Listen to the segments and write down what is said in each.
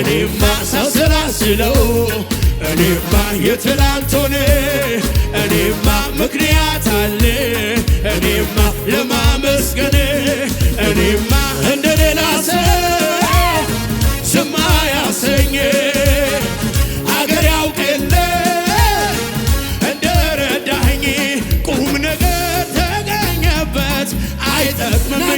እኔማ ሳሰላስለው እኔማ የትላንቶኔ እኔማ ምክንያት አለ እኔማ ለማመስገን እኔማ እንደ ሌላ ሰው ዝም ያሰኘ አገር ያውቅ የለ እንደረዳኝ ቁም ነገር ተገኘበት አይጠቅምም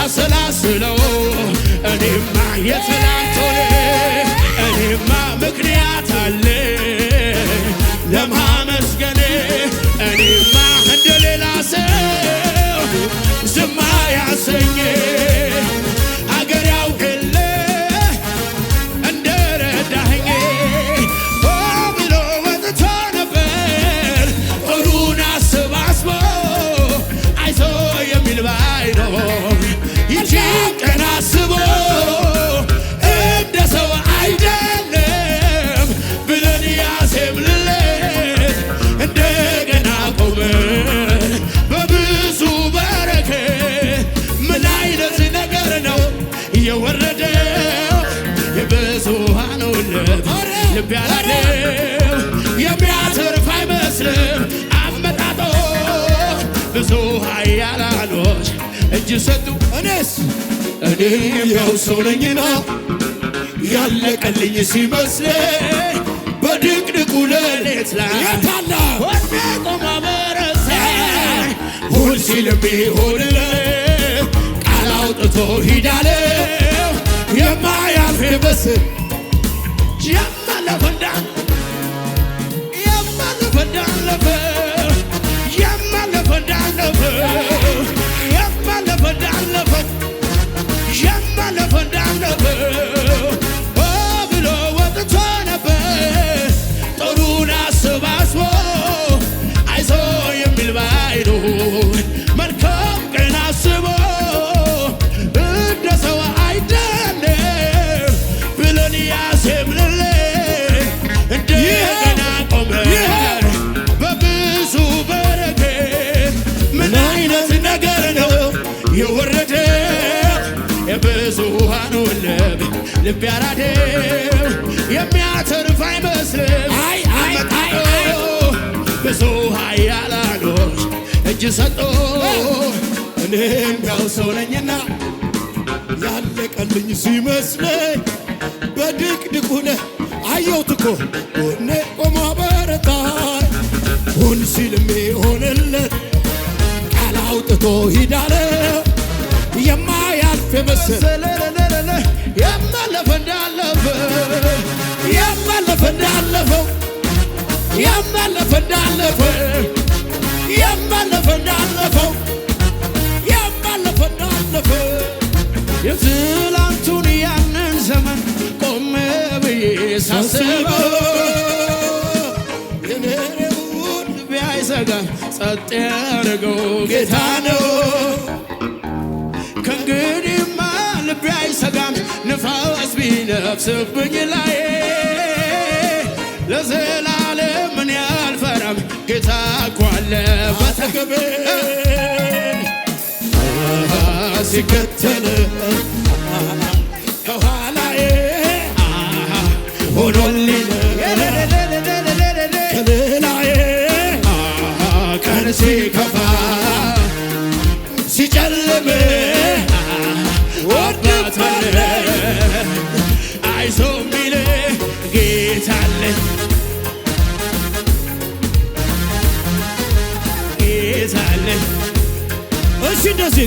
ሳሰላስለው እኔማ የትናንት ልብ ያላድም የሚያተርፍ አይመስልም አመጣጦ ብዙ ኃያላኖች እጅ ሰጡ። እኔስ እኔም ያው ሰው ነኝና ያለቀልኝ ሲመስለኝ በድቅድቁ ሌሊት ላይ የታላ ወደቆማ በረሳኝ ሁል ሲል ቢሆንልህ ቃል አውጥቶ ሂዳለ የማያልፍ በስ levei ልብ ያራደም የሚያተርፍ አይመስልም። አይ አይ አይ ብዙ ኃያላኖች እጅ ሰጦ እኔም ያው ሰው ነኝና ያለቀልኝ ሲመስለኝ በድቅድቁ ነህ አየሁት እኮ ጎኔ ቆሞ አበረታኝ። ሁን ሲልም ሆነለት ቃል አውጥቶ ሂዳለ የማያልፍ የመሰለ እንዳለፈ ያማለፈ እንዳለፈ ያማለፈ እንዳለፈ ያማለፈ እንዳለፈ ያማለፈ እንዳለፈ የትላንቱን ያንን ዘመን ቆመ ብዬ ሳስበው የነሬውን ልቤ አይዘጋ ጸጥ ያደረገው ጌታ ነው ከእንግዲህማ ልቤ አይሰጋ ንፋስ ቢነፍስብኝ ላይ ለዘላለም ምን አልፈራም። ጌታ እኮ አለ ባጠገቤ ሲከተል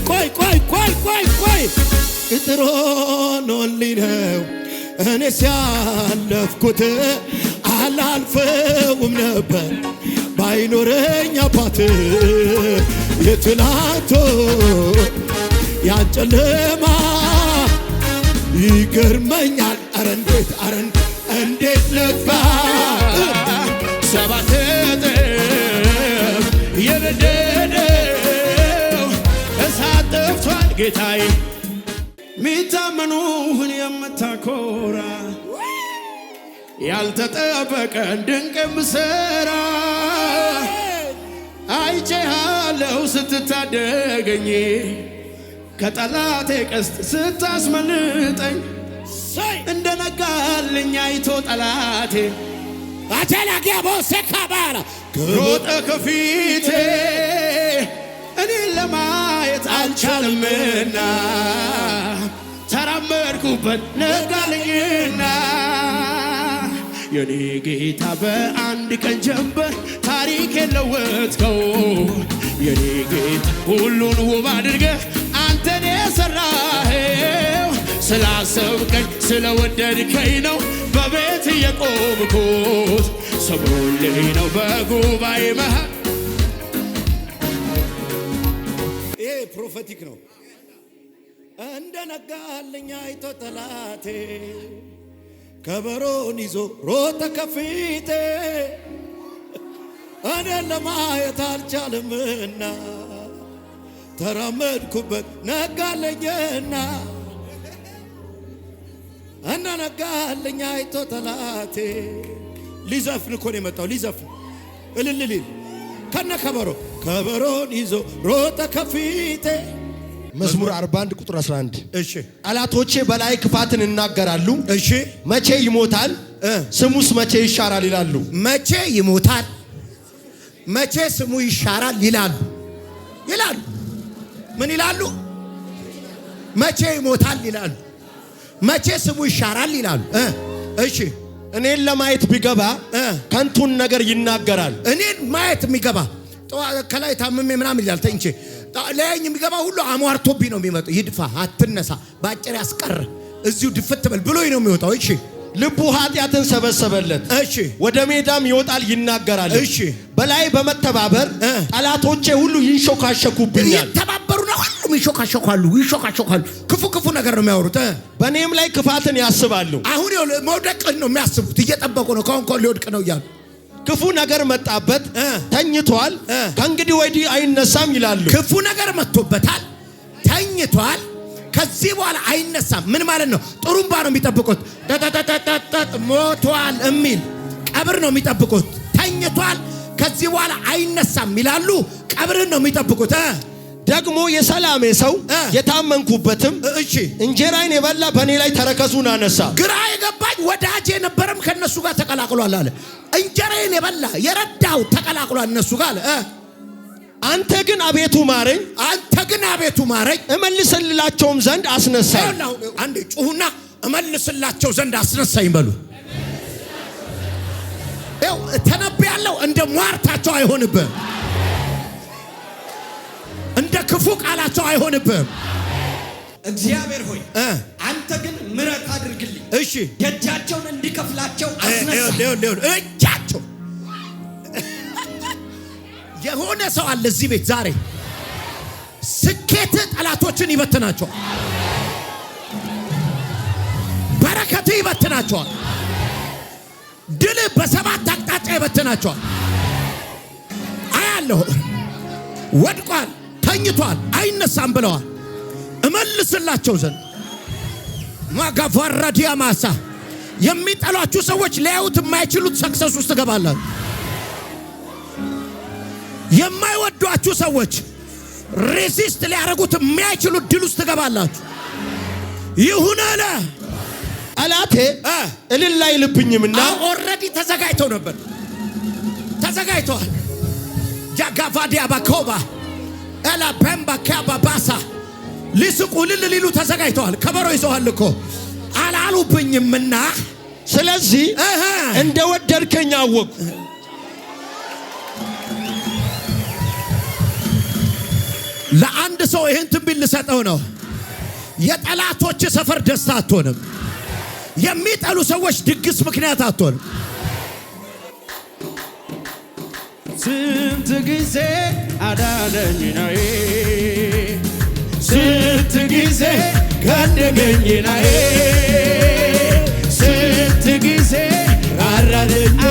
ቆይ ቆይ ቆይ ቆይ ቆይ ቅጥሮ ኖልኝ ነው እኔ ሲያለፍኩት አላልፈውም ነበር ባይኖረኝ አባት የትላቶ ያጨለማ ይገርመኛል አረ እንዴት አረ እንዴት ነበር ጌታዬ ሚታመኑህን የምታኮራ ያልተጠበቀን ድንቅ ምሰራ አይቼሃለሁ ስትታደገኝ ከጠላቴ ቀስት ስታስመልጠኝ እንደነጋልኝ አይቶ ጠላቴ አቴላጊያቦሴካባላ ሮጠ ከፊቴ እኔ ለማ ማየት አልቻልምና ተራመድኩበት ነጋልኝና የኔ ጌታ በአንድ ቀን ጀንበር ታሪክ የለወጥከው የኔ ጌታ ሁሉን ውብ አድርገህ አንተን የሰራኸው ስላሰብከኝ ስለወደድከኝ ነው በቤት የቆምኩት ሰብሮልኝ ነው በጉባኤ መሃል ፕሮፌቲክ ነው። እንደ አይቶ ጠላቴ ከበሮን ይዞ ሮጠ ከፊቴ እኔ ለማየት አልቻልምና ተራመድኩበት ነጋለኝና እና ነጋለኛ አይቶ ጠላቴ ሊዘፍን እኮ ነው የመጣው ሊዘፍን እልልልል ከነ ከበሮ ከበሮን ይዞ ሮጠ ከፊቴ። መዝሙር 41 ቁጥር 11 እሺ። ጠላቶቼ በላይ ክፋትን ይናገራሉ እሺ። መቼ ይሞታል ስሙስ መቼ ይሻራል ይላሉ። መቼ ይሞታል መቼ ስሙ ይሻራል ይላሉ ይላሉ። ምን ይላሉ? መቼ ይሞታል ይላሉ። መቼ ስሙ ይሻራል ይላሉ። እሺ እኔን ለማየት ቢገባ ከንቱን ነገር ይናገራል። እኔን ማየት የሚገባ ከላይ ታምሜ ምናምን ይላል። ተኝቼ ላይኝ የሚገባ ሁሉ አሟርቶብኝ ነው የሚመጣው። ይድፋ፣ አትነሳ፣ በአጭር ያስቀር፣ እዚሁ ድፍት በል ብሎኝ ነው የሚወጣው። እሺ ልቡ ኃጢአትን ሰበሰበለት። እሺ ወደ ሜዳም ይወጣል ይናገራል። እሺ በላይ በመተባበር ጠላቶቼ ሁሉ ይንሾካሸኩብኛል። ይተባበሩ ነው ሁሉም ይሾካሸኳሉ፣ ይሾካሸኳሉ። ክፉ ክፉ ነገር ነው የሚያወሩት። በእኔም ላይ ክፋትን ያስባሉ። አሁን መውደቅን ነው የሚያስቡት። እየጠበቁ ነው፣ ከአሁን ከአሁን ሊወድቅ ነው እያሉ ክፉ ነገር መጣበት፣ ተኝቷል፣ ከእንግዲህ ወዲህ አይነሳም ይላሉ። ክፉ ነገር መጥቶበታል፣ ተኝቷል፣ ከዚህ በኋላ አይነሳም። ምን ማለት ነው? ጥሩምባ ነው የሚጠብቁት። ሞቷል የሚል ቀብር ነው የሚጠብቁት። ተኝቷል፣ ከዚህ በኋላ አይነሳም ይላሉ። ቀብርን ነው የሚጠብቁት። ደግሞ የሰላሜ ሰው የታመንኩበትም እሺ እንጀራዬን የበላ በእኔ ላይ ተረከዙን አነሳ። ግራ የገባኝ ወዳጅ የነበረም ከነሱ ጋር ተቀላቅሏል አለ። እንጀራዬን የበላ የረዳው ተቀላቅሏል እነሱ ጋር። አንተ ግን አቤቱ ማረኝ፣ አንተ ግን አቤቱ ማረኝ፣ እመልስላቸውም ዘንድ አስነሳኝ። አንድ ጩሁና እመልስላቸው ዘንድ አስነሳኝ በሉ። ተነብያለሁ። እንደ ሟርታቸው አይሆንብህም፣ እንደ ክፉ ቃላቸው አይሆንብህም። እግዚአብሔር ሆይ ግን ምረት አድርግልኝ። እሺ የእጃቸውን እንዲከፍላቸው እጃቸው የሆነ ሰው አለ እዚህ ቤት ዛሬ ስኬት ጠላቶችን ይበትናቸዋል። በረከት ይበትናቸዋል። ድል በሰባት አቅጣጫ ይበትናቸዋል። አያለሁ ወድቋል፣ ተኝቷል፣ አይነሳም ብለዋል እመልስላቸው ዘንድ ማጋፋራዲያ ማሳ የሚጠሏችሁ ሰዎች ሊያዩት የማይችሉት ሰክሰስ ውስጥ ትገባላችሁ። የማይወዷችሁ ሰዎች ሬዚስት ሊያደርጉት የማይችሉት ድል ውስጥ ትገባላችሁ። ይሁን አለ ጠላቴ እልል አይልብኝም ኦልሬዲ ተዘጋጅተው ነበር። ተዘጋጅተዋል። ጃጋቫዲያ ባኮባ ኤላ በምባ ካባ ሊስቁ ልል ሊሉ ተዘጋጅተዋል። ከበሮ ይዘዋል እኮ አላሉብኝምና፣ ስለዚህ እንደ ወደድከኝ አወቅ ለአንድ ሰው ይህን ትንቢት ልሰጠው ነው። የጠላቶች ሰፈር ደስታ አትሆንም። የሚጠሉ ሰዎች ድግስ ምክንያት አትሆንም። ስንት ጊዜ አዳነኝ ነው ስንት ጊዜ ጋደገኝናዬ ስንት ጊዜ ራራልኛ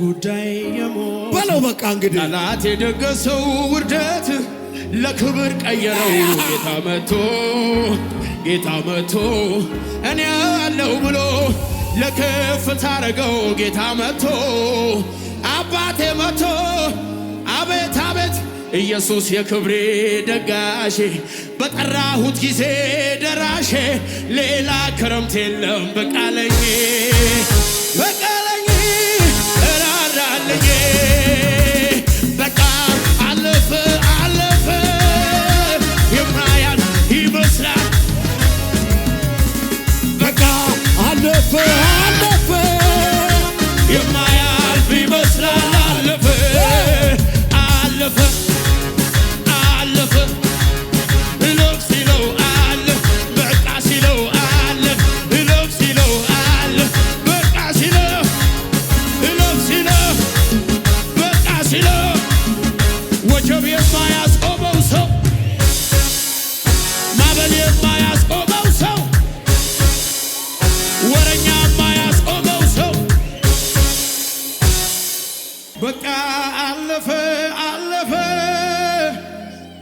ጉዳይ የሞት በለው በቃ እንግዲህ ጠላት የደገሰው ውርደት ለክብር ቀየረው ጌታ መቶ ጌታ መቶ እኔ ያለው ብሎ ለከፍታ አረገው ጌታ መቶ አባቴ መቶ አቤት አቤት ኢየሱስ የክብሬ ደጋሼ በጠራሁት ጊዜ ደራሼ ሌላ ክረምት የለም በቃለኝ for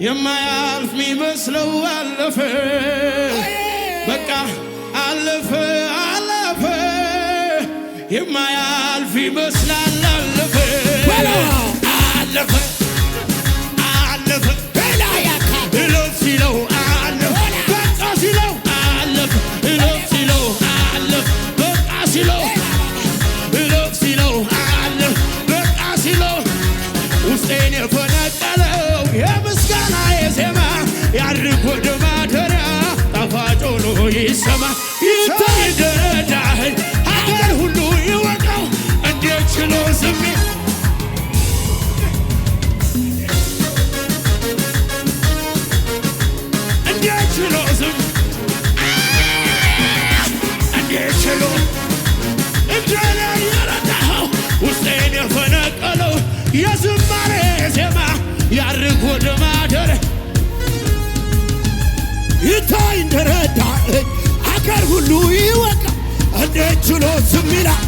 የማያልፍ ሚመስለው አለፈ በቃ አለፈ አለፈ የማያልፍ ይመስላል አለፈ አለፈ እኔ ችሎት ስም ይላል